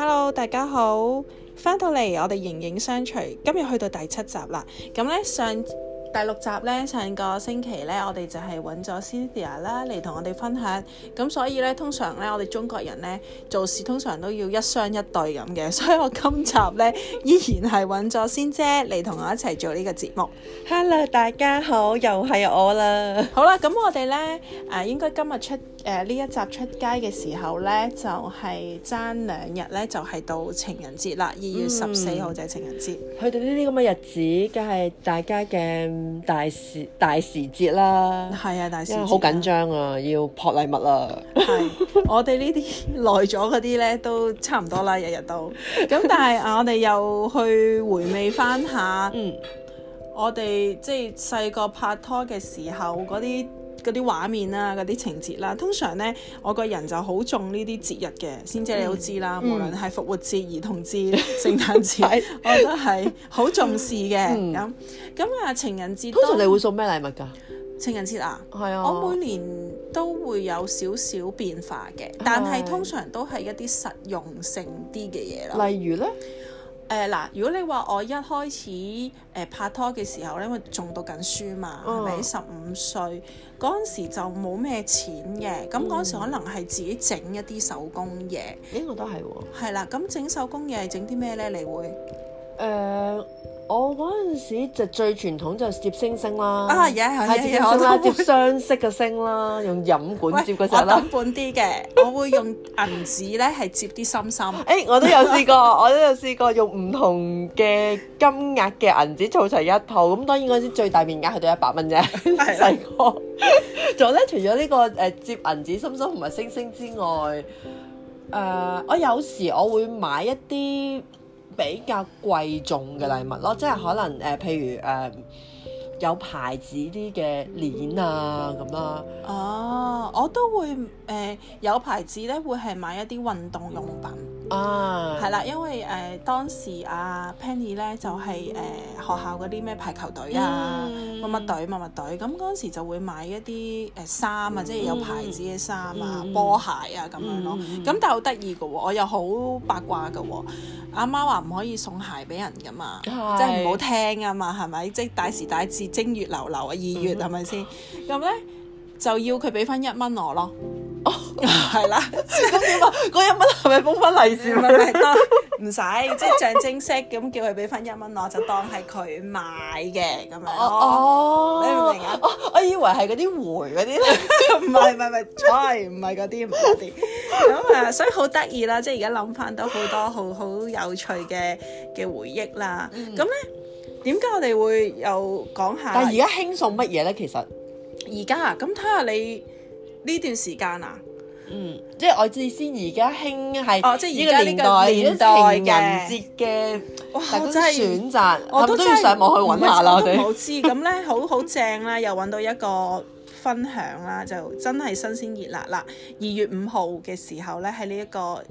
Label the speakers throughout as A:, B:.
A: Hello，大家好，翻到嚟我哋形影相隨，今日去到第七集啦。咁咧上第六集咧上個星期咧，我哋就係揾咗 Cynthia 啦嚟同我哋分享。咁所以咧通常咧我哋中國人咧做事通常都要一雙一對咁嘅，所以我今集咧依然係揾咗仙姐嚟同我一齊做呢個節目。Hello，大家好，又係我啦。好啦，咁我哋咧誒，應該今日出。誒呢、呃、一集出街嘅時候呢，就係、是、爭兩日呢，就係、是、到情人節啦！二月十四號就係情人節。
B: 佢哋呢啲咁嘅日子，梗、就、係、是、大家嘅大時大時節啦。係啊，大時節好緊張啊，要撲禮物啦。係
A: 我哋呢啲耐咗嗰啲呢，都差唔多啦，日日都。咁但係啊， 我哋又去回味翻下， 嗯、我哋即係細個拍拖嘅時候嗰啲。嗰啲畫面啦、啊，嗰啲情節啦、啊，通常呢，我個人就好重呢啲節日嘅，仙姐你都知啦，嗯、無論係復活節、兒童節、聖誕節， 我都係好重視嘅。咁咁、嗯、啊情人節通常你會送咩禮物㗎？情人節啊，係啊，我每年都會有少少變化嘅，是但係通常都係一啲實用性啲嘅嘢咯。例如呢。誒嗱、呃，如果你話我一開始誒、呃、拍拖嘅時候咧，因為仲讀緊書嘛，係咪十五歲嗰陣時就冇咩錢嘅，咁嗰陣時可能係自己整一啲手工嘢，呢、嗯這個都係喎，係啦，咁整手工嘢係整啲咩咧？你會？誒，uh, 我
B: 嗰陣時就最傳統就係接星星啦，係、uh, yeah, yeah, yeah, 接星星會接雙色嘅星啦，用飲管接嗰隻啦。飲
A: 管啲嘅，我會用銀紙咧，係接啲心心。誒、 欸，我都有試
B: 過，我都有試過用唔同嘅金額嘅銀紙儲齊一套。咁當然嗰時最大面額係到一百蚊啫，細、細個。仲、呃、咧，除咗呢個誒接銀紙心心同埋星星之外，誒、呃，我有時我會買一啲。比較貴重嘅禮物咯，即係可能誒、呃、譬如誒、呃、有牌子啲嘅鏈啊咁啦。
A: 哦，我都會誒、呃、有牌子咧，會係買一啲運動用品。嗯啊，係啦，因為誒、呃、當時阿、啊、Penny 咧就係、是、誒、呃、學校嗰啲咩排球隊啊，乜乜隊乜乜隊，咁嗰時就會買一啲誒衫啊，mm. 即係有牌子嘅衫啊，mm. 波鞋啊咁樣咯。咁、mm. 但係好得意嘅喎，我又好八卦嘅喎。阿媽話唔可以送鞋俾人嘅嘛，mm. 即係唔好聽啊嘛，係咪？即係大時大節正月流流啊，二月係咪先？咁咧、mm. 就要佢俾翻一蚊我咯。係啦，咁點啊？嗰一蚊係咪封翻利是咪咪囉？唔使， 即係象徵式咁叫佢俾翻一蚊我，就當係佢買嘅咁樣。哦，你、哦、明唔明啊？我以為係嗰啲回嗰啲咧，唔係唔係唔係，嗰啲唔嗰啲。咁誒，所以好得意啦！即係而家諗翻都好多好好有趣嘅嘅回憶啦。咁咧點解我哋會又講下？但而家輕送乜嘢咧？其實而家啊，咁睇下你呢段時間啊。嗯，即係我意先，而家興係哦，即係而家呢個年代，個年代情人節嘅，哇，真係選擇，是不是我都都、就是、要上網去搵下咯，我知咁咧， 好好正啦，又搵到一個分享啦，就真係新鮮熱辣，辣啦！二月五號嘅時候咧，喺呢一個誒、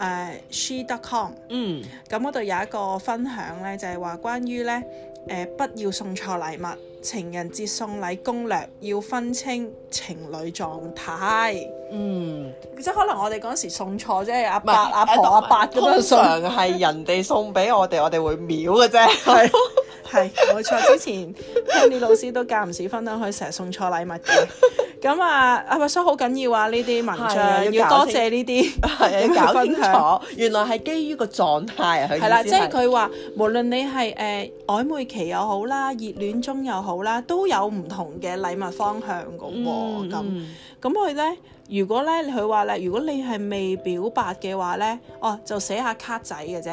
A: uh, she.com，嗯，咁嗰度有一個分享咧，就係、是、話關於咧。呃、不要送錯禮物，情人節送禮攻略要分清情侶狀態。嗯，即係可能我哋嗰陣時送錯即阿伯是阿婆阿伯咁樣，通常係
B: 人哋送俾我哋， 我哋會秒嘅啫。係 ，
A: 係冇錯。之前聽啲 老師都間唔時分享佢成日送錯禮物嘅。咁、嗯、啊，阿默叔好緊要啊！呢啲文章要，要多謝呢啲， 要搞清楚。 原來係基於個狀態啊，佢的。係啦，即係佢話，無論你係誒、呃、曖昧期又好啦，熱戀中又好啦，都有唔同嘅禮物方向噶喎。咁咁佢咧，如果咧，佢話咧，如果你係未表白嘅話咧，哦，就寫下卡仔嘅啫。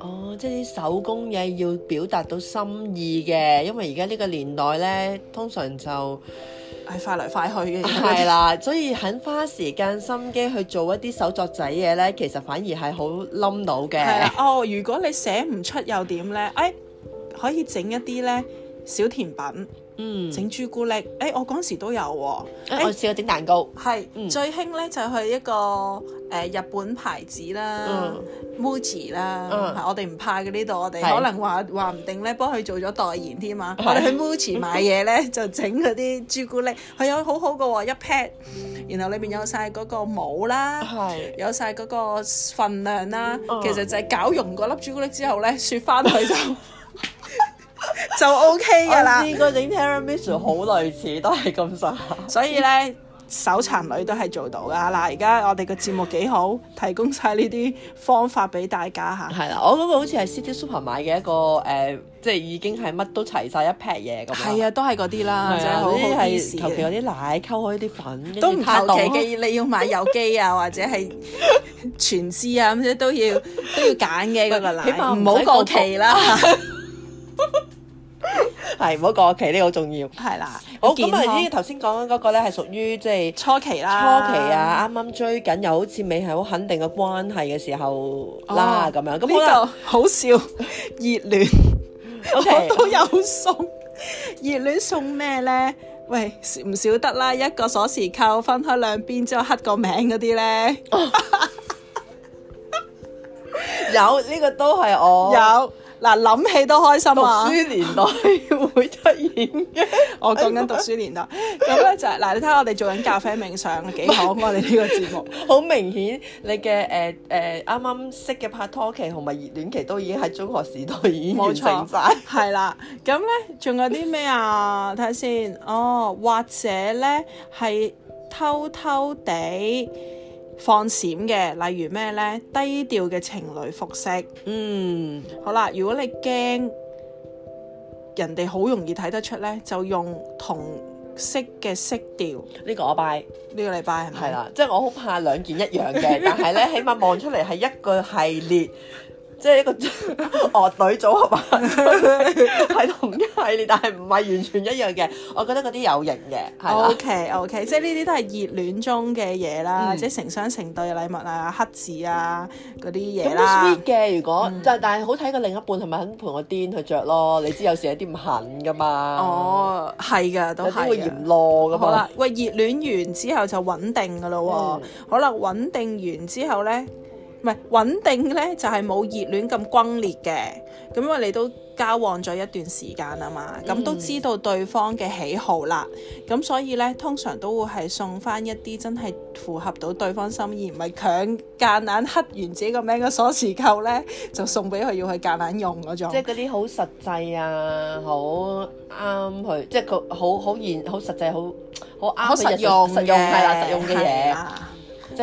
A: 哦，即係啲手工嘢要表達到
B: 心意嘅，因為而家呢個年代咧，通常，常就。係快來快去嘅，係啦， 所以肯花時間心機去做一啲手作仔嘢咧，其實反
A: 而係好冧到嘅。係啦， 哦，如果你寫唔出又點咧？誒、哎，可以整一啲咧小甜品。整朱古力，誒我嗰陣時都有喎，我試過整蛋糕。係最興咧就係一個誒日本牌子啦，Muji 啦，我哋唔怕嘅呢度，我哋可能話話唔定咧幫佢做咗代言添嘛。我哋去 Muji 買嘢咧就整嗰啲朱古力，佢有好好嘅一 pad，然後裏邊有晒嗰個模啦，有晒嗰個份量啦，其實就係攪融嗰粒朱古力之後咧，雪翻去就，就 O K 噶啦，整 tiramisu 好類似，都係咁實。所以咧，手殘女都係做到噶嗱，而家我哋個節目幾好，提供晒呢啲方法俾大家嚇。係啦，我嗰個好似係 City Super 買嘅一個誒，即係已
B: 經係乜都齊晒一劈嘢。咁樣係啊，都係嗰啲啦，即嗰好係求其有啲奶溝開啲粉，
A: 都唔求其嘅。你要買有機啊，或者係全脂啊，咁樣都要都要揀嘅嗰個奶，唔好過期啦。
B: 係唔好過期，呢個好重要
A: 係啦，好咁啊！頭先講嗰
B: 個咧係屬於即係初期啦，初期啊，啱啱追緊又好似未係好肯定嘅關係嘅時候啦，咁樣咁好啦，
A: 好笑熱戀，我都有送熱戀。送咩咧？喂，唔少得啦，一個鎖匙扣分開兩邊之後刻個名嗰啲咧，有呢個都係我有。嗱，諗起都開心啊！讀書年代會出現嘅， 我講緊讀書年代。咁咧嗎就係嗱，你睇下我哋做緊咖啡冥想幾好啊！你呢個節目好不是 明顯，你嘅誒誒啱啱識嘅拍拖期同埋熱戀期都已經喺中學時代已經成曬。係錯 啦，咁咧仲有啲咩啊？睇下 先。哦，或者咧係偷偷地。放閃嘅，例如咩呢？低調嘅情侶服飾。嗯，好啦，如果你驚人哋好容易睇得出呢，就用同色嘅色調。呢個我拜呢個禮拜係咪？係啦，即係，就是，我好怕兩件一樣嘅， 但係呢，起碼望出嚟係
B: 一個系列。即係一個樂隊組合吧，
A: 啊，係 同一系列，但係唔係完全一樣嘅。我
B: 覺得嗰啲有型嘅，係 O K O K，即係
A: 呢啲都係熱戀中嘅嘢啦，嗯、即係成雙成對嘅禮物啊、黑字啊嗰啲嘢啦。咁 sweet 嘅、嗯， 如果、嗯、就但但係好睇過另一半係咪肯陪我癲去着咯？ 你知有時有啲唔肯㗎嘛。哦，係㗎，都係。有啲會嫌
B: 攞咁、嗯、好啦，
A: 喂，熱戀完之後就穩定㗎喇喎。好啦，穩定完之後咧。唔係穩定咧，就係、是、冇熱戀咁轟烈嘅。咁因為你都交往咗一段時間啊嘛，咁都知道對方嘅喜好啦。咁、嗯、所以咧，通常都會係送翻一啲真係符合到對方心意，唔係強夾硬刻完自己個名嘅鎖匙扣咧，就送俾佢要去夾硬用嗰種。即係嗰啲好實際啊，
B: 好啱佢。嗯、即係佢好好現好實際，好好啱佢實用嘅嘢。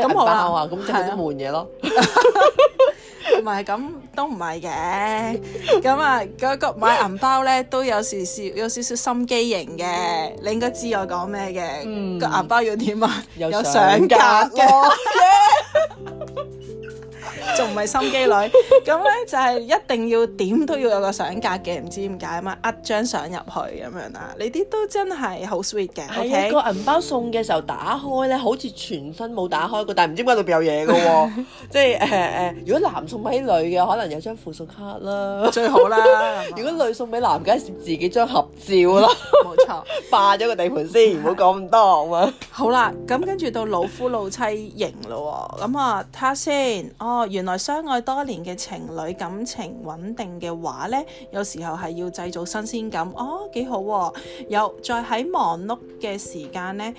B: 咁好啊，咁即係換嘢咯
A: 唔係咁都唔係嘅，咁啊嗰、嗰個買銀包咧都有時少少有少少心機型嘅，你應該知我講咩嘅，嗯、個銀包要點啊？有相格嘅。 仲唔係心機女咁咧？就係一定要點都要有個相架嘅，唔知點解啊嘛，呃張相入去咁樣啊。你啲都真係好 sweet 嘅。係啊，個銀包送嘅時候打開咧，好似全身冇打開過，但係唔知點解入邊有嘢㗎喎。即係
B: 誒誒，如果男送俾女嘅，可能有張附屬卡啦。最好啦。如果女送俾男，
A: 梗係攝自己張合照啦。冇錯，霸咗個地盤先，唔好講咁多啊。好啦，咁跟住到老夫老妻型咯。咁啊，睇下先。哦，原來。相愛多年嘅情侶感情穩定嘅話呢，有時候係要製造新鮮感。哦，幾好，啊，有再喺忙碌嘅時間呢，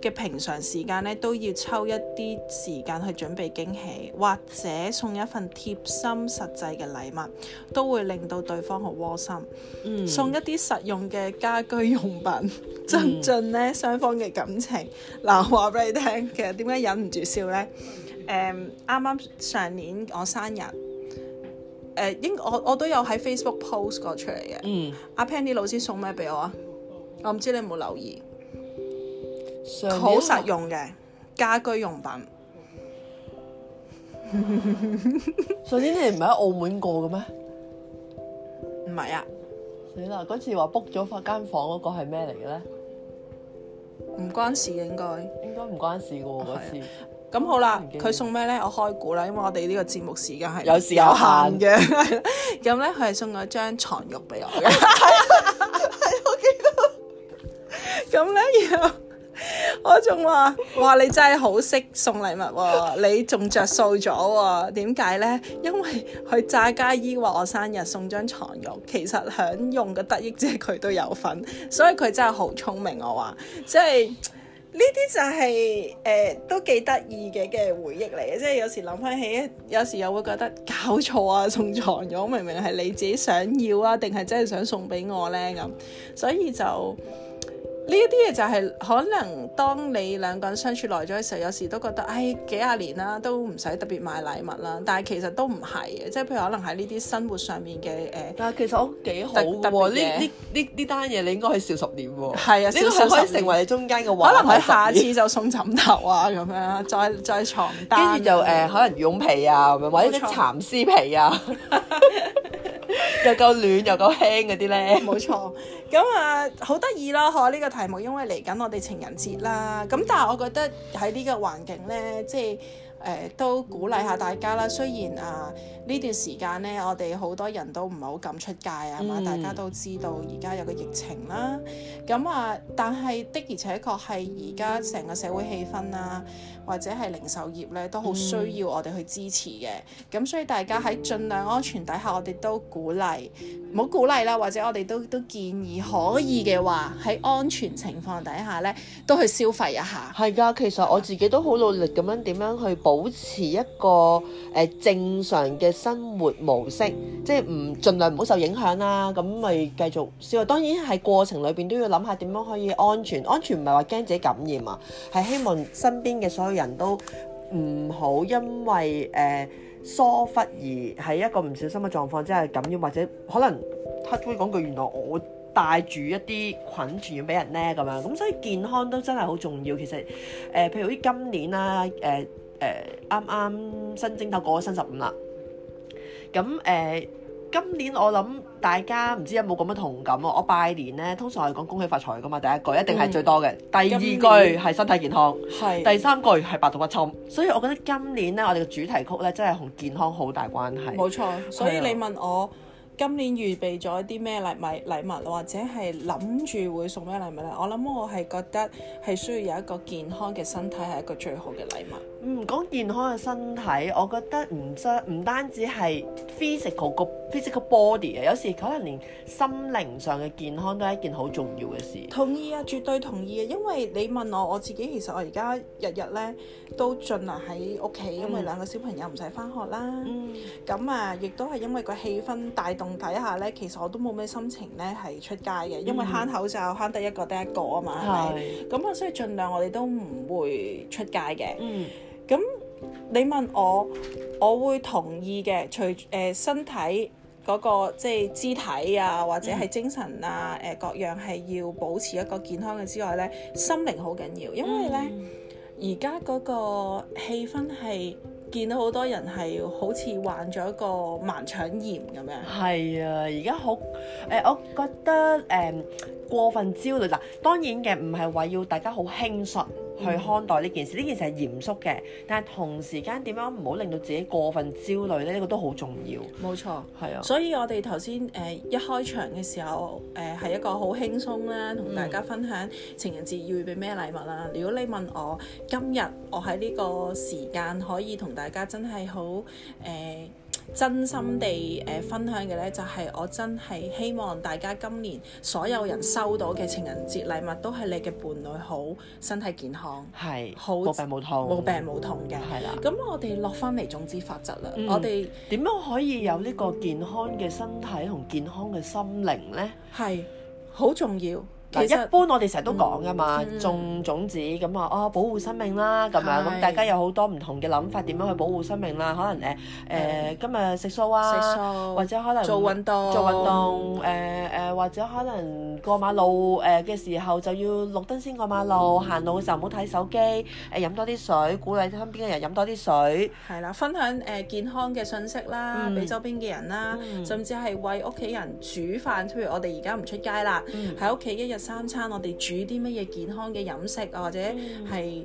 A: 嘅平常時間呢，都要抽一啲時間去準備驚喜，或者送一份貼心實際嘅禮物，都會令到對方好窩心。嗯，送一啲實用嘅家居用品，增進呢雙方嘅感情。嗱，嗯，話俾，啊，你聽，其實點解忍唔住笑呢？誒啱啱上年我生日，誒、uh, 應我我都有喺 Facebook post 過出嚟嘅。嗯、阿 Penny 老師送咩俾我啊？我唔知你有冇留意，好實用嘅家居用品。
B: 首先 你唔係喺澳門過嘅咩？
A: 唔
B: 係啊！死啦！嗰次話 book 咗間房嗰個係咩嚟嘅咧？唔
A: 關事應該，應該唔關事嘅喎嗰次。咁好啦，佢送咩咧？我開估啦，因為我哋呢個節目時間係有時有限嘅。咁 咧，佢係送咗張床褥俾我。嘅。係啊，係啊，我記得。咁咧，然後我仲話，哇、啊，你真係好識送禮物喎，你仲着數咗喎。點解咧？因為佢炸家姨話我生日送張床褥，其實享用嘅得益即係佢都有份，所以佢真係好聰明。我話即係。呢啲就係、是、誒、呃、都幾得意嘅嘅回憶嚟嘅，即係有時諗翻起，有時又會覺得搞錯啊，送錯咗，明明係你自己想要啊，定係真係想送俾我呢？咁，所以就。呢一啲嘢就係、是、可能當你兩個人相處耐咗嘅時候，有時都覺得，唉幾廿年啦，都唔使特別買禮物啦。但係其實都唔係嘅，即係譬如可能喺呢啲生活上面嘅誒。呃、但係其實都幾好嘅，呢
B: 呢呢呢單嘢你應該可以少十年喎、哦。係啊，呢個可以成為你中間嘅話，可能佢下次就送枕頭啊咁 樣，再再牀單，跟住就誒、呃、可能羽絨被啊， 或者蠶絲被啊。 又 夠暖又夠輕
A: 嗰啲咧，冇錯。咁啊，好得意咯，嗬！呢、呢個題目，因為嚟緊我哋情人節啦。咁、嗯、但係我覺得喺呢個環境咧，即係。誒、呃、都鼓勵下大家啦，雖然啊呢段時間呢，我哋好多人都唔係好敢出街啊嘛，大家都知道而家有個疫情啦，咁啊，但係的而且確係而家成個社會氣氛啊，或者係零售業咧都好需要我哋去支持嘅，咁、嗯、所以大家喺盡量安全底下，我哋都鼓勵，唔好、嗯、鼓勵啦，或者我哋都都建議可以嘅話，喺安全情況底下呢，都去消費一下。
B: 係㗎，其實我自己都好努力咁樣點樣去保持一個誒、呃、正常嘅生活模式，即係唔盡量唔好受影響啦。咁咪繼續試。當然喺過程裏邊都要諗下點樣可以安全。安全唔係話驚自己感染啊，係希望身邊嘅所有人都唔好因為誒、呃、疏忽而喺一個唔小心嘅狀況之下感染，或者可能黑灰講句，原來我帶住一啲菌傳染俾人呢咁樣。咁所以健康都真係好重要。其實誒、呃，譬如啲今年啦誒。呃誒啱啱新正頭過咗新十五啦，咁、嗯、誒、呃、今年我諗大家唔知有冇咁嘅同感喎、啊。我拜年呢，通常係講恭喜發財㗎嘛，第一句一定係最多嘅，第二，年第二句係身體健康，的第三句係百毒不侵。所以我覺得今年呢，我哋嘅主題曲呢，真係同健康好大關係。冇錯，所以你
A: 問我。今年預備咗啲咩禮物禮物，或者係諗住會送咩禮物咧？我諗我係覺得係需要有一個健康嘅身體係一個最好嘅禮物。嗯，
B: 講健康嘅身體，我覺得唔單唔單止係 physical 個 physical body 啊，有時可能連心靈上嘅健康都係一件好重要嘅事。
A: 同意啊，絕對同意啊，因為你問我我自己，其實我而家日日咧都盡量喺屋企，因為兩個小朋友唔使翻學啦。嗯，咁啊，亦都係因為個氣氛帶動。睇下咧，其實我都冇咩心情咧，係出街嘅，因為慳口罩慳得一個得一個啊嘛，係咪、嗯？咁啊，所以盡量我哋都唔會出街嘅。嗯，咁你問我，我會同意嘅。除誒、呃、身體嗰個即係肢體啊，或者係精神啊，誒、嗯呃、各樣係要保持一個健康嘅之外咧，心靈好緊要，因為咧而家嗰個氣氛係。見到好多人係好似患咗一個盲腸炎咁樣。係啊，而家好誒，
B: 我覺得誒、呃、過分焦慮喇，當然嘅唔係話要大家好輕率。去看待呢件事，呢件事係嚴肅嘅，但係同時間點樣唔好令到自己過分焦慮呢？呢、這個都好重要。冇錯，係啊。所
A: 以我哋頭先誒一開場嘅時候，誒、呃、係一個好輕鬆啦，同大家分享情人節要畀咩禮物啦。嗯、如果你問我今日我喺呢個時間可以同大家真係好誒。呃真心地誒、呃、分享嘅呢，就係、是、我真係希望大家今年所有人收到嘅情人節禮物都，都係你嘅伴侶好身體健康，
B: 係是好冇病冇痛冇病
A: 冇痛嘅，係啦的。咁我哋落翻嚟總之法
B: 則啦，嗯、我哋點樣可以有呢個健康嘅身體同健康嘅心靈呢？係好重要。一般我哋成日都講噶嘛，種種子咁啊，哦，保護生命啦，咁樣咁，大家有好多唔同嘅諗法，點樣去保護生命啦？可能誒誒，今日食素啊，食素，或者可能做運動，做運動誒誒，或者可能過馬路誒嘅時候就要綠燈先過馬路，行路嘅
A: 時候唔好睇手機，誒飲多啲水，鼓勵身邊嘅人飲多啲水。係啦，分享誒健康嘅信息啦，俾周邊嘅人啦，甚至係為屋企人煮飯。譬如我哋而家唔出街啦，喺屋企一日。三餐我哋煮啲乜嘢健康嘅飲食，啊，或者係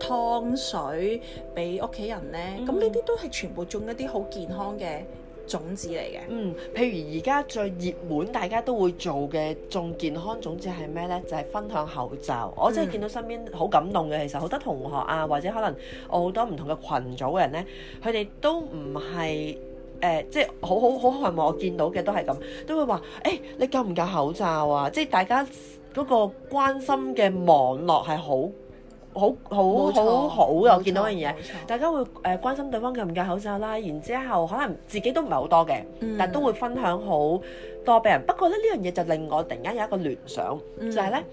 A: 湯水俾屋企人呢？咁呢啲都係全部種一啲好健康嘅種子嚟嘅。嗯，譬如而家最熱門大家
B: 都會做嘅種健康種子係咩呢？就係分享口罩。我真係見到身邊好感動嘅，其實好多同學啊，或者可能我好多唔同嘅群組嘅人呢，佢哋都唔係。誒、呃，即係好好好繁忙，係咪我見到嘅都係咁，都會話：誒、欸，你夠唔夠口罩啊？即係大家嗰個關心嘅網絡係好好好，錯好,好好好好好嘅。錯我見到一樣嘢，錯大家會誒、呃、關心對方夠唔夠口罩啦。然之後可能自己都唔係好多嘅，嗯、但都會分享好多俾人。不過咧，呢樣嘢就令我突然間有一個聯想，嗯、就係咧。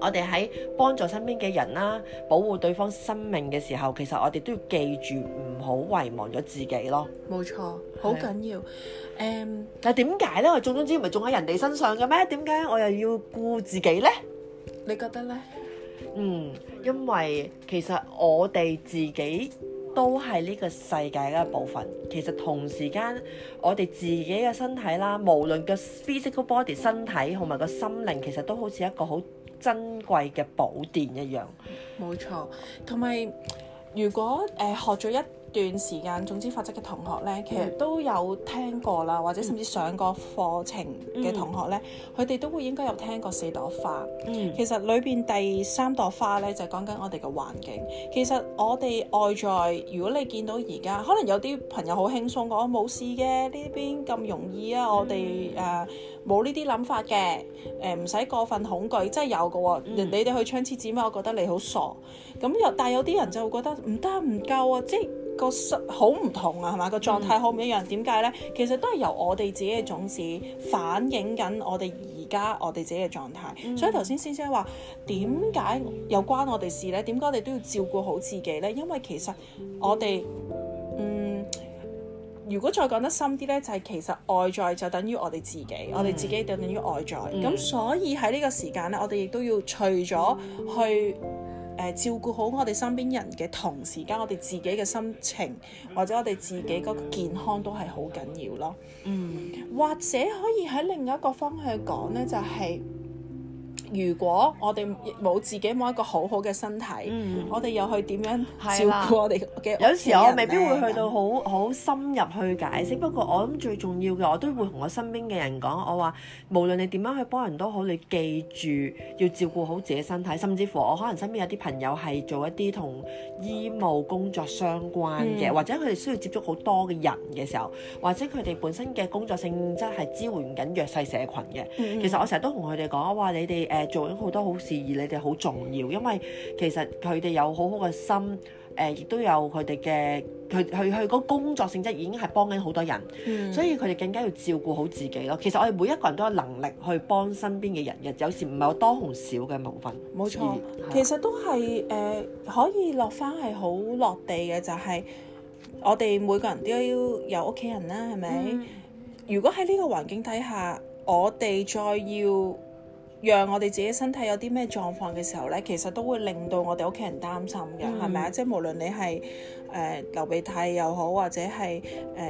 B: 我哋喺幫助身邊嘅人啦，保護對方生命嘅時候，其實我哋都要記住唔好遺忘咗自己咯。
A: 冇錯，好緊要。誒是，um,
B: 但係點解呢？我總總之唔係仲喺人哋身上嘅咩？點解我又要顧自己呢？你覺得呢？嗯，因為其實我哋自己都係呢個世界嘅一部分。其實同時間，我哋自己嘅身體啦，無論個 physical body 身體同埋個心靈，其實都好似一個好。珍貴嘅寶殿一樣，
A: 冇錯。同埋，如果誒、呃、學咗一段時間，總之法則嘅同學呢，其實都有聽過啦，或者甚至上過課程嘅同學呢，佢哋、嗯、都會應該有聽過四朵花。嗯、其實裏邊第三朵花呢，就係、是、講緊我哋嘅環境。其實我哋外在，如果你見到而家，可能有啲朋友好輕鬆講冇事嘅，呢邊咁容易啊！嗯、我哋誒冇呢啲諗法嘅，誒唔使過分恐懼，真係有嘅喎、哦。嗯、人你哋去搶廁紙嗎？我覺得你好傻。咁又但有啲人就覺得唔得唔夠啊，即個心好唔同啊，係嘛，個狀態好唔一樣？點解呢？其實都係由我哋自己嘅種子反映緊我哋而家我哋自己嘅狀態。Mm hmm. 所以頭先先生話點解有關我哋事呢？點解我哋都要照顧好自己呢？因為其實我哋嗯，如果再講得深啲呢，就係、是、其實外在就等於我哋自己，mm hmm. 我哋自己等於外在。咁、mm hmm. 所以喺呢個時間呢，我哋亦都要除咗去。照顧好我哋身邊人嘅同時間，我哋自己嘅心情或者我哋自己個健康都係好緊要咯。嗯，或者可以喺另一個方向講呢，就係、是。如果我哋冇自己冇一個好好嘅身體，我哋又去點樣照顧我哋嘅？有時我未必會去到好
B: 好深入去解釋。不過我諗最重要嘅，我都會同我身邊嘅人講。我話無論你點樣去幫人都好，你記住要照顧好自己身體，甚至乎我可能身邊有啲朋友係做一啲同醫務工作相關嘅，或者佢哋需要接觸好多嘅人嘅時候，或者佢哋本身嘅工作性質係支援緊弱勢社群嘅。其實我成日都同佢哋講，哇，你哋誒。做緊好多好事，而你哋好重要，因為其實佢哋有好好嘅心，誒、呃，亦都有佢哋嘅佢佢佢嗰個工作性質已經係幫緊好多人，嗯、所以佢哋更加要照顧好自己咯。其實我哋每一個人都有能力去幫身邊嘅人嘅，有時唔係話多同少嘅部分，
A: 冇錯，是其實都係誒、呃，可以落翻係好落地嘅，就係、是、我哋每個人都要有屋企人啦，係咪？嗯、如果喺呢個環境底下，我哋再要。讓我哋自己身體有啲咩狀況嘅時候呢，其實都會令到我哋屋企人擔心嘅，係咪啊？即係無論你係，誒、呃、流鼻涕又好，或者係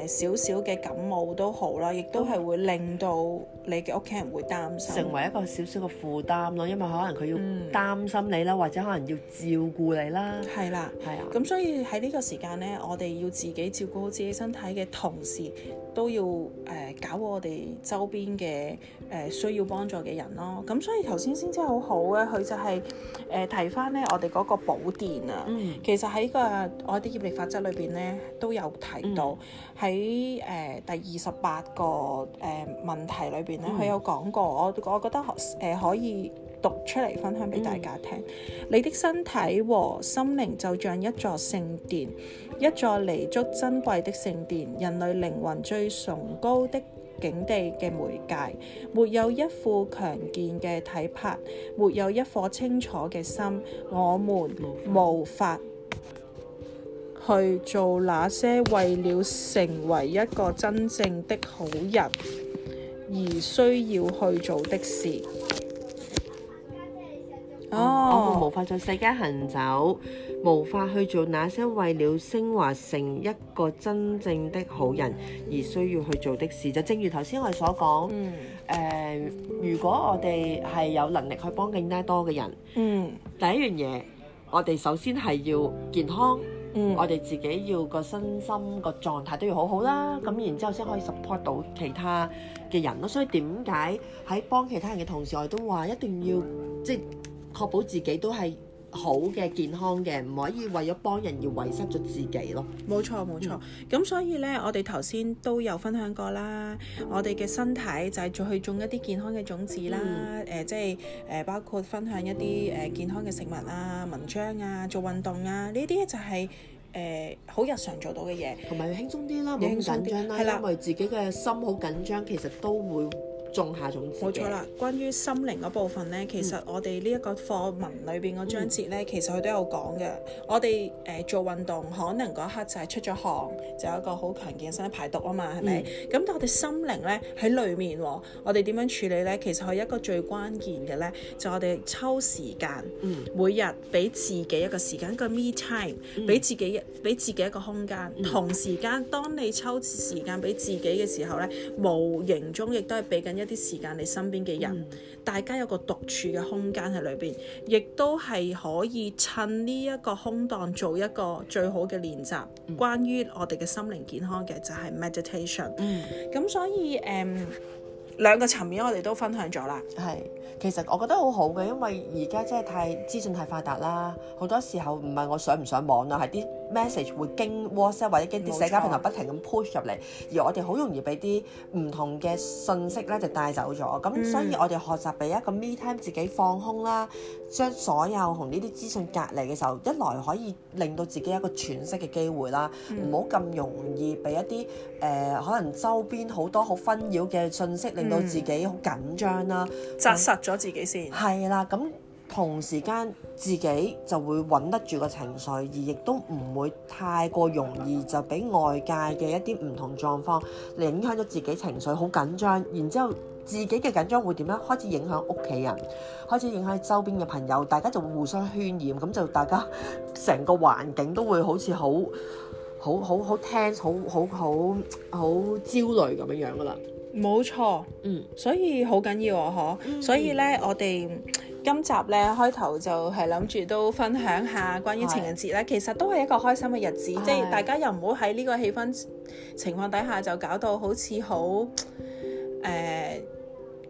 A: 誒少少嘅感冒好都好啦，亦都係會令到你嘅屋
B: 企人會擔心，成為一個少少嘅負擔咯。因為可能佢要擔心你啦，嗯、或者可能要
A: 照顧你啦。係啦、嗯，係啊。咁的的所以喺呢個時間咧，我哋要自己照顧好自己身體嘅同時，都要誒、呃、搞我哋周邊嘅誒需要幫助嘅人咯。咁所以頭先先真係好好嘅，佢就係誒提翻咧我哋嗰個補電啊。就是呃、其實喺、這個我哋法則裏邊咧都有提到喺誒、嗯呃、第二十八個誒、呃、問題裏邊咧，佢、嗯、有講過，我我覺得、呃、可以讀出嚟分享俾大家聽。嗯、你的身體和心靈就像一座聖殿，一座彌足珍貴的聖殿，人類靈魂最崇高的境地嘅媒介。沒有一副強健嘅體魄，沒有一顆清楚嘅心，我們無法去做那些為了成為一個真正的好人而需要去做的事。哦，我們無法在世間
B: 行走，無法去做那些為了昇華成一個真正的好人而需要去做的事。就正如頭先我哋所講，嗯，誒，如果我哋係有能力去幫更加多嘅人，嗯，第一樣嘢，我哋首先係要健康。嗯， 我哋自己要個身心個狀態都要好好啦，咁然之後先可以 support 到其他嘅人囉。所以點解喺幫其他人嘅同時，我都話一定要即係確保自己都係，好嘅健康嘅，唔可以為咗幫人而遺失咗自己咯。冇錯冇錯，咁、嗯、所
A: 以呢，我哋頭先都有分享過啦。我哋嘅身體就係再去種一啲健康嘅種子啦。誒、嗯呃、即係、呃、包括分享一啲誒、嗯、健康嘅食物啊、文章啊、做運動啊呢啲就係誒好日常做到嘅嘢，同埋輕鬆啲啦，冇咁緊張啦，係啦，因為
B: 自己嘅心好緊張，對其實都會。種下種籽。
A: 冇錯啦，關於心靈嗰部分咧，其實我哋呢一個課文裏邊嘅章節咧，嗯、其實佢都有講嘅。我哋誒、呃、做運動，可能嗰一刻就係出咗汗，就有一個好強健身排毒啊嘛，係咪？咁、嗯、但我哋心靈咧喺裏面喎，我哋點樣處理咧？其實佢一個最關鍵嘅咧，就我哋抽時間，嗯、每日俾自己一個時間，一個 me time，俾、嗯、自己一俾自己一個空間。嗯、同時間，當你抽時間俾自己嘅時候咧，嗯嗯、無形中亦都係俾緊一啲時間，你身邊嘅人，嗯、大家有個獨處嘅空間喺裏邊，亦都係可以趁呢一個空檔做一個最好嘅練習。嗯、關於我哋嘅心靈健康嘅就係、是、meditation。咁、嗯、所以誒。Um, 兩個層面我哋都分享咗啦，係其實我覺得好好嘅，因為而家真係太資訊太發達啦，
B: 好多時候唔係我上唔上網啊，係啲 message 會經 WhatsApp 或者經啲社交平台不停咁 push 入嚟，冇錯。而我哋好容易俾啲唔同嘅信息咧就帶走咗，咁、嗯、所以我哋學習俾一個 me time 自己放空啦，將所有同呢啲資訊隔離嘅時候，一來可以令到自己一個喘息嘅機會啦，唔好咁容易俾一啲誒、呃、可能周邊好多好紛擾嘅信息令。嗯嗯到自己好緊張啦，扎實咗自己先。係啦，咁同時間自己就會穩得住個情緒，而亦都唔會太過容易就俾外界嘅一啲唔同狀況嚟影響咗自己情緒，好緊張。然之後自己嘅緊張會點咧？開始影響屋企人，開始影響周邊嘅朋友，大家就會互相渲染，咁就大家成個環境都會好似好好好好 tense，好
A: 好好好焦慮咁樣樣噶啦。冇錯，嗯，所以好緊要喎、啊，嗬、嗯，所以咧，我哋今集咧開頭就係諗住都分享下關於情人節咧，是其實都係一個開心嘅日子，即係是大家又唔好喺呢個氣氛情況底下就搞到好似好誒。呃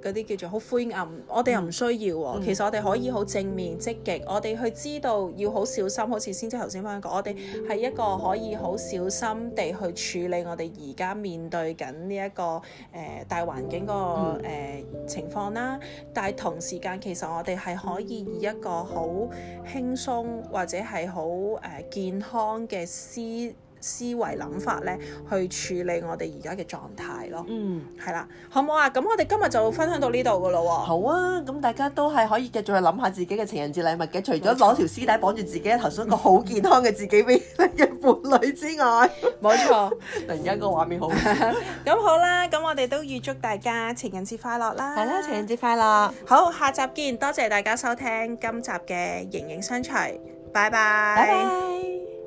A: 嗰啲叫做好灰暗，嗯、我哋又唔需要、哦嗯、其實我哋可以好正面積極，嗯、我哋去知道要好小心。好似先即頭先翻講，我哋係一個可以好小心地去處理我哋而家面對緊呢一個誒、呃、大環境、嗰個誒、呃、情況啦。嗯、但係同時間其實我哋係可以以一個好輕鬆或者係好誒健康嘅思。思維諗法咧，去處理我哋而家嘅狀態咯。嗯，係啦，好唔好啊？咁我哋今日就分享到呢
B: 度噶咯。好啊，咁大家都係可以繼續去諗下自己嘅情人節禮物嘅。除咗攞條絲帶綁住自己錯剛剛一頭，送個好健康嘅自己嘅 伴侶之外，冇錯錯。 突然間個畫面好。
A: 咁 好啦，咁我哋都預祝大家情人節快樂啦。係啦、嗯，情人節快樂。好，下集見。多謝大家收聽今集嘅形影相隨，拜拜。Bye bye bye bye bye.